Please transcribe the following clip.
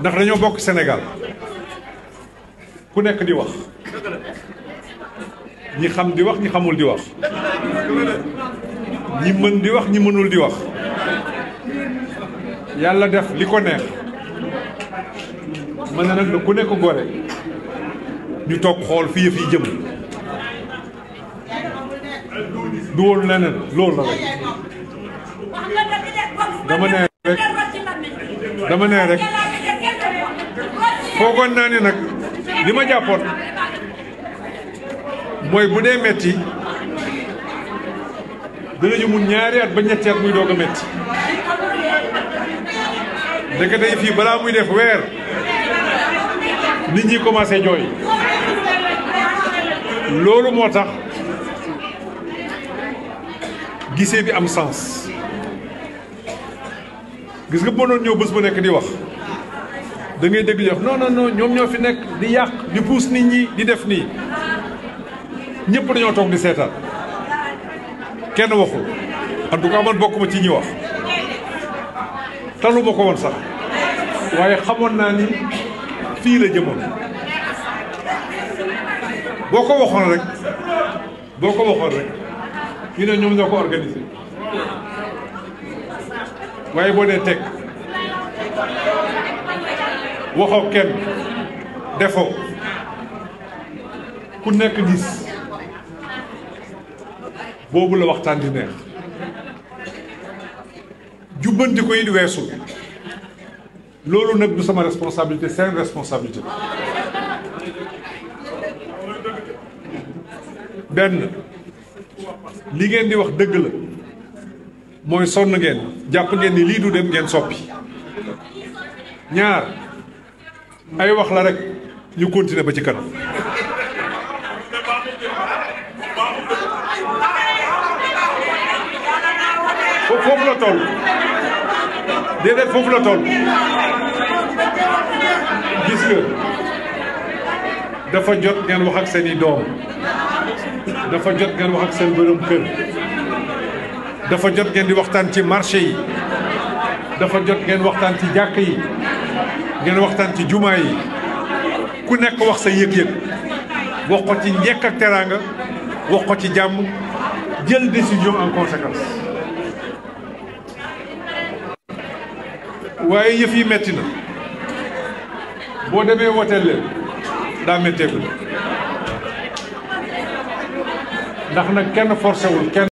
ndax dañoo bokk senegal ku nekk di wax ñi xam di wax ñi xamul di wax ñi mën di wax ñi mënul di wax yàlla def li ko neex mën na nag ku nekk gore ñu toog xool fii yëf yi jëm du woon leneen loolu la dama ne rek dama ne rekk foogoon naa ne nag li ma jàppoon mooy bu dee metti dana mun ñaari at ba ñetti muy doog a metti dëkk day balaa muy def weer nit ñi commencé jooy loolu moo tax gisee bi am sens gis nga boo doon ñëw bés bu nekk di wax da ngay dégg jox non ñoom ñoo fi nekk di yàq di puus nit ñi di def nii ñépp dañoo toog di seetaan kenn waxul en tout man bokk ci ñi wax talu ma ko woon sax waaye xamoon naa ni fii la jëmoon boo ko waxoon rek boo ko waxoon rek ñu ne ñoom ñoo ko organisé waaye boo dee teg waxoo kenn defoo ku nekk gis boobu la waxtaan di neex jubbanti ko it loolu nag du sama responsabilité seen responsabilité benn li ngeen di wax dëgg la mooy sonn ngeen jàpp ngeen ni lii du dem ngeen soppi ñaar ay wax la rek ñu continuer ba ci kanam. foofu la toll déedéet foofu la toll gis nga dafa jot ngeen wax ak seen i doom dafa jot ngeen wax ak seen borom kër. dafa jot ngeen di waxtaan ci marché yi dafa jot ngeen waxtaan ci jàkk yi ngeen waxtaan ci jumaa yi ku nekk wax sa yëg-yëg wax ko ci njekk ak teraanga wax ko ci jàmm jël décision en conséquence waaye yëf yi metti na boo demee woteel leen daa métteeku ndax nag kenn forcé wul kenn